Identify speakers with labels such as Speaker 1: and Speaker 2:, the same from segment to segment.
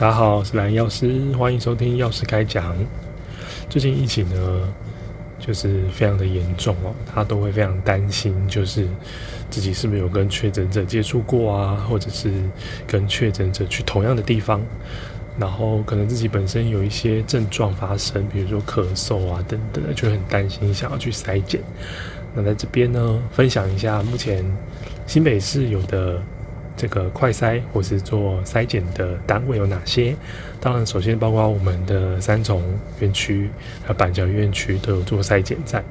Speaker 1: 大家好，我是萊恩藥師，歡迎收聽藥師開講。最近疫情呢，就是非常的嚴重哦，他都會非常擔心，就是自己是不是有跟確診者接觸過啊，或者是跟確診者去同樣的地方，然後可能自己本身有一些症狀發生，比如說咳嗽啊等等，就很擔心，想要去篩檢。那在這邊呢，分享一下目前新北市有的。這個快篩或是做篩檢的單位有哪些？當然，首先包括我們的三重院區、和板橋院區都有做篩檢站。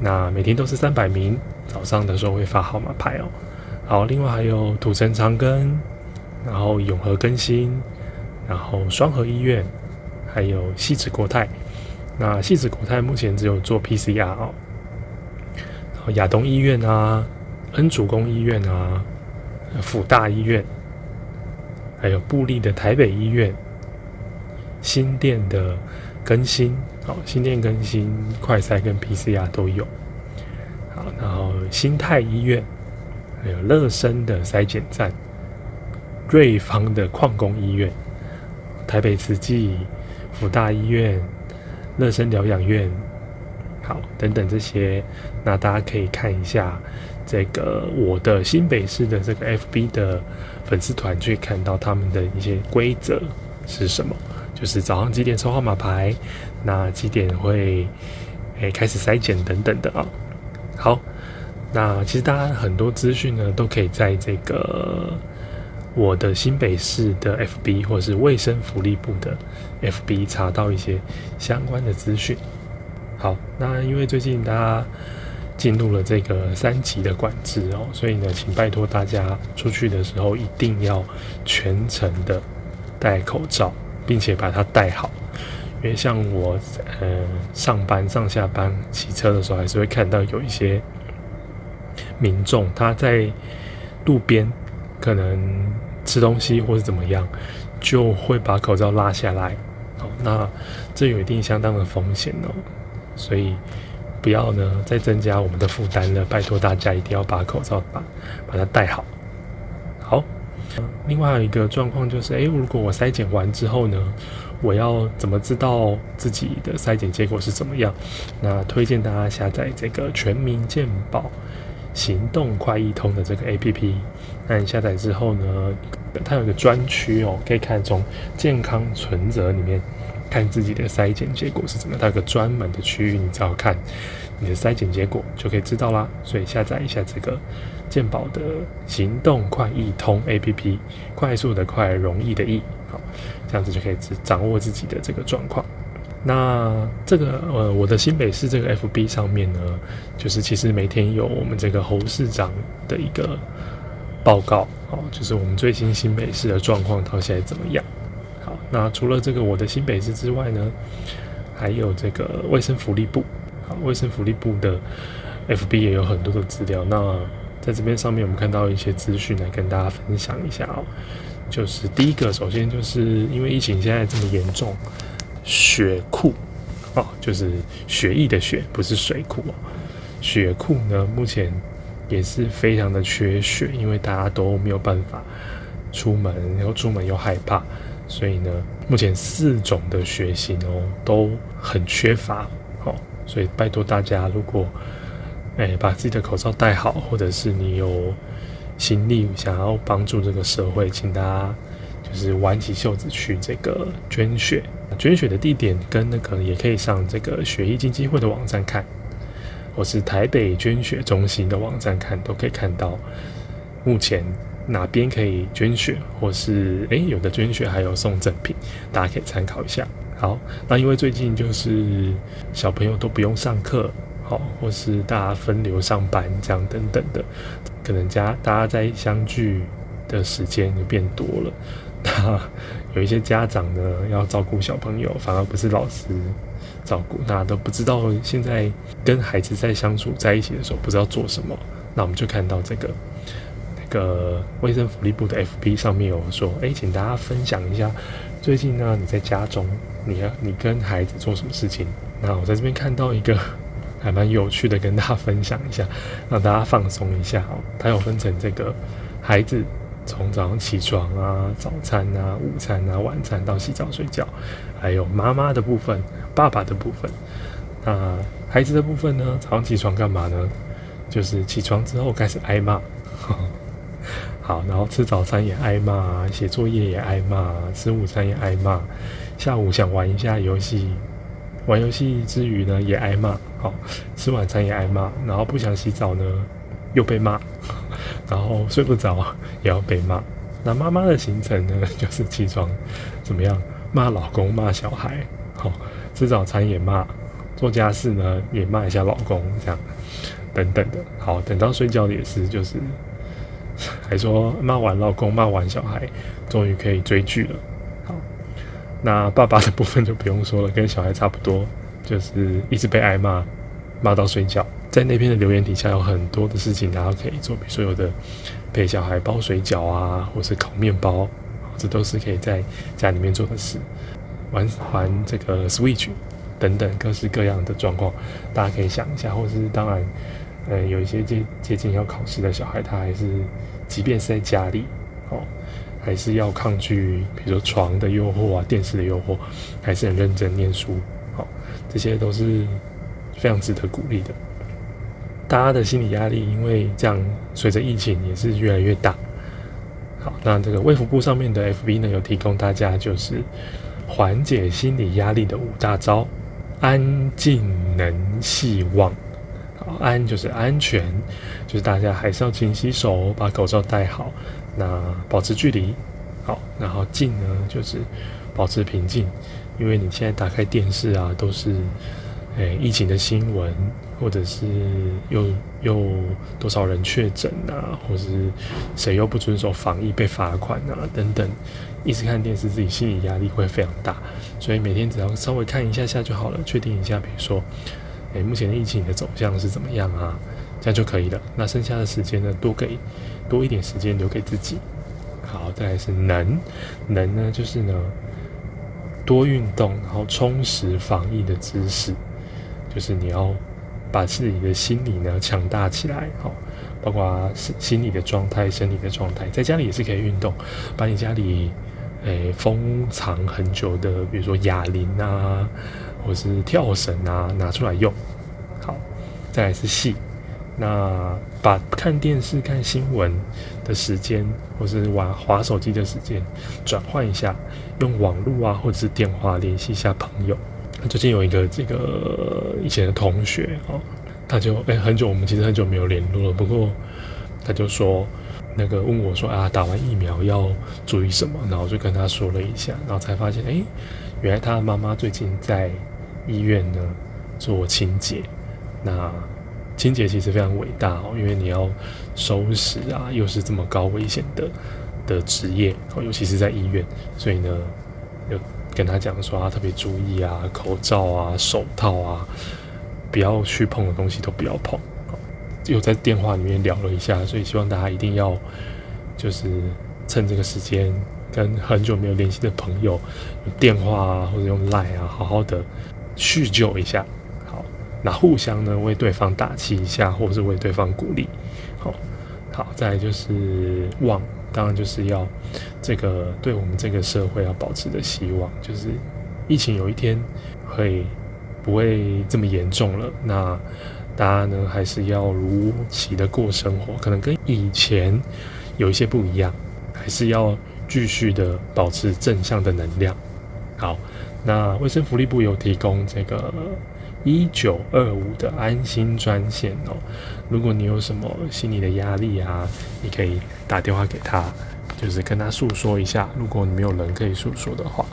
Speaker 1: 那每天都是三百名，早上的時候會發號碼牌哦。好，另外還有土城長庚，然後永和更新，然後雙和醫院，還有汐止國泰。那汐止國泰目前只有做 PCR 哦。然後亞東醫院啊，恩主公醫院啊。輔大醫院，還有部立的台北醫院，新店的更新，好、哦，新店更新快篩跟 PCR 都有。好，然後新泰醫院，還有樂生的篩檢站，瑞芳的礦工醫院，台北慈濟、輔大醫院、樂生療養院。好，等等這些，那大家可以看一下這個我的新北市的這個 FB 的粉絲團，去看到他們的一些規則是什麼，就是早上幾點抽號碼牌，那幾點會誒、欸、開始篩檢等等的啊。好，那其實大家很多資訊呢，都可以在這個我的新北市的 FB 或者是衛生福利部的 FB 查到一些相關的資訊。好，那因為最近大家進入了這個三級的管制哦，所以呢，請拜託大家出去的時候一定要全程的戴口罩，並且把它戴好。因為像我，呃，上班，上下班，騎車的時候，還是會看到有一些民眾他在路邊可能吃東西或是怎麼樣，就會把口罩拉下來。好，那這有一定相當的風險哦。所以不要呢再增加我們的負擔了，拜托大家一定要把口罩把把它戴好。好，另外還有一個狀況就是，誒、欸，如果我篩檢完之後呢，我要怎麼知道自己的篩檢結果是怎麼樣？那推薦大家下載這個全民健保行動快易通的這個 APP。那你下載之後呢，它有一個專區哦，可以看從健康存折裡面。看自己的篩檢結果是怎麼，它有一個專門的區域，你只要看你的篩檢結果就可以知道啦。所以下載一下這個健保的行動快易通 APP，快速的快，容易的易，好，這樣子就可以掌握自己的這個狀況。那這個呃，我的新北市這個 FB 上面呢，就是其實每天有我們這個侯市長的一個報告，哦，就是我們最新新北市的狀況到現在怎麼樣。那除了這個我的新北市之外呢，還有這個衛生福利部，好，衛生福利部的 FB 也有很多的資料。那在這邊上面，我們看到一些資訊來跟大家分享一下哦。就是第一個，首先就是因為疫情現在這麼嚴重，血庫哦，就是血液的血，不是水庫哦。血庫呢，目前也是非常的缺血，因為大家都沒有辦法出門，然後出門又害怕。所以呢，目前四種的血型哦都很缺乏，哦。所以拜託大家，如果，誒、欸、把自己的口罩戴好，或者是你有心力想要幫助這個社會，請大家就是挽起袖子，去這個捐血。捐血的地點跟那個也可以上這個血液基金會的網站看，或是台北捐血中心的網站看，都可以看到目前，哪邊可以捐血，或是誒、欸，有的捐血還有送贈品，大家可以參考一下。好,那因為最近就是小朋友都不用上課，好，或是大家分流上班這樣等等的，可能家大家在相聚的時間就變多了。那有一些家長呢要照顧小朋友，反而不是老師照顧，那都不知道現在跟孩子在相處在一起的時候不知道做什麼。那我們就看到這個。個衛生福利部的 FB 上面有說，誒、欸，請大家分享一下，最近呢，你在家中，你啊，你跟孩子做什麼事情？那我在這邊看到一個還蠻有趣的，跟大家分享一下，讓大家放鬆一下哦、喔。它有分成這個孩子從早上起床啊、早餐啊、午餐啊、晚餐到洗澡睡覺，還有媽媽的部分、爸爸的部分。那孩子的部分呢？早上起床幹嘛呢？就是起床之後開始挨罵。呵呵好，然後吃早餐也挨罵，寫作業也挨罵，吃午餐也挨罵，下午想玩一下遊戲，玩遊戲之餘呢也挨罵，好、哦，吃晚餐也挨罵，然後不想洗澡呢又被罵，被罵，然後睡不着也要被罵。那媽媽的行程呢就是起床怎麼樣，罵老公罵小孩，好、哦，吃早餐也罵，做家事呢也罵一下老公這樣，等等的。好，等到睡覺的也是就是。還說罵完老公，罵完小孩，終於可以追劇了。好，那爸爸的部分就不用說了，跟小孩差不多，就是一直被挨罵，罵到睡覺。在那邊的留言底下有很多的事情，大家可以做，比如說有的陪小孩包水餃啊，或是烤麵包，這都是可以在家裡面做的事。玩玩這個 Switch 等等各式各樣的狀況，大家可以想一下，或是當然。呃、嗯，有一些接接近要考試的小孩，他還是，即便是在家裡，哦，還是要抗拒，比如說床的誘惑啊，電視的誘惑，還是很認真念書，好、哦，這些都是非常值得鼓勵的。大家的心理壓力，因為這樣隨着疫情也是越來越大。好，那這個衛福部上面的 FB 呢，有提供大家就是緩解心理壓力的五大招：安靜、能、繫、望。安就是安全，就是大家還是要勤洗手，把口罩戴好，那保持距離，好，然後靜呢就是保持平靜，因為你現在打開電視啊都是，誒、欸、疫情的新聞，或者是又又多少人確診啊，或者是誰又不遵守防疫被罰款啊等等，一直看電視自己心理壓力會非常大，所以每天只要稍微看一下下就好了，確定一下，比如說。目前的疫情的走向是怎麼樣啊？這樣就可以了。那剩下的時間呢，多給多一點時間留給自己。好，再來是能，能呢，就是呢，多運動，然後充實防疫的知識，就是你要把自己的心理呢強大起來，包括心理的狀態、生理的狀態，在家裡也是可以運動，把你家裡誒封藏很久的，比如說啞鈴啊。或是跳繩啊，拿出來用。好，再來是戲。那把看電視、看新聞的時間，或是玩滑手機的時間，轉換一下，用網絡啊，或者是電話聯繫一下朋友。最近有一個這個以前的同學哦，
Speaker 2: 他就誒、欸、
Speaker 1: 很久，我們其實很久沒有聯絡了。不過他就說那個問我說啊，打完疫苗要注意什麼？然後就跟他說了一下，然後才發現誒、欸，原來他的媽媽最近在。醫院呢，做清潔，那清潔其實非常偉大哦，因為你要收拾啊，又是這麼高危險的的職業、哦，尤其是在醫院，所以呢，跟他講說、啊，特別注意啊，口罩啊，手套啊，不要去碰的東西都不要碰。又、哦、在電話裡面聊了一下，所以希望大家一定要，就是趁這個時間，跟很久沒有聯繫的朋友，有電話啊，或者用 Line 啊，好好的。敘舊一下，好，那互相呢，為對方打氣一下，或者是為對方鼓勵，好，好，再來就是望，當然就是要這個對我們這個社會要保持的希望，就是疫情有一天會不會這麼嚴重了？那大家呢，還是要如期的過生活，可能跟以前有一些不一樣，還是要繼續的保持正向的能量，好。那衛生福利部有提供這個一九二五的安心專線哦，如果你有什麼心理的壓力啊，你可以打電話給他，就是跟他訴說一下。如果你沒有人可以訴說的話，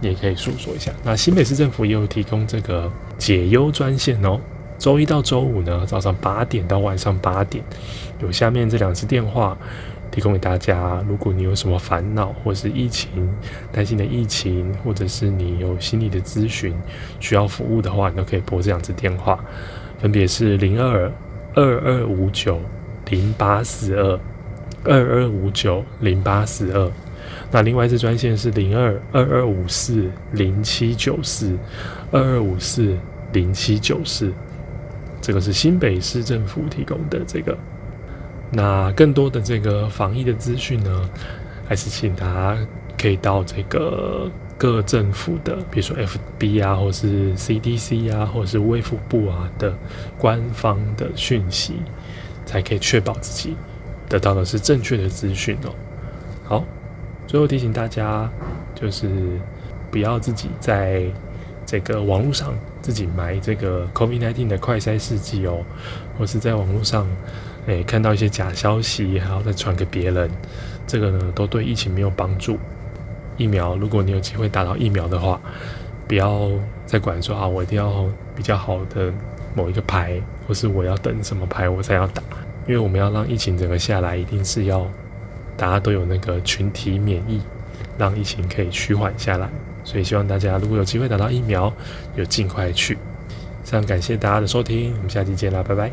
Speaker 1: 你也可以訴說一下。那新北市政府也有提供這個解憂專線哦，週一到週五呢，早上八點到晚上八點，有下面這兩支電話。提供給大家，如果你有什麼煩惱，或是疫情擔心的疫情，或者是你有心理的諮詢需要服務的話，你都可以撥這兩支電話，分別是零二二二五九零八四二二二五九零八四二。那另外一支專線是零二二二五四零七九四二二五四零七九四，這個是新北市政府提供的這個。那更多的這個防疫的資訊呢，還是請大家可以到這個各政府的，比如說 FB 啊，或者是 CDC 啊，或者是衛福部啊的官方的訊息，才可以確保自己得到的是正確的資訊哦。好，最後提醒大家，就是不要自己在這個網絡上自己買這個 COVID-19 的快篩試劑哦，或是在網絡上，誒、欸，看到一些假消息，還要再傳給別人，這個呢都對疫情沒有幫助。疫苗，如果你有機會打到疫苗的話，不要再管說啊，我一定要比較好的某一個牌，或是我要等什麼牌我才要打，因為我們要讓疫情整個下來，一定是要大家都有那個群體免疫，讓疫情可以趨緩下來。所以希望大家如果有機會打到疫苗，就盡快去。非常感謝大家的收聽，我們下期見啦，拜拜。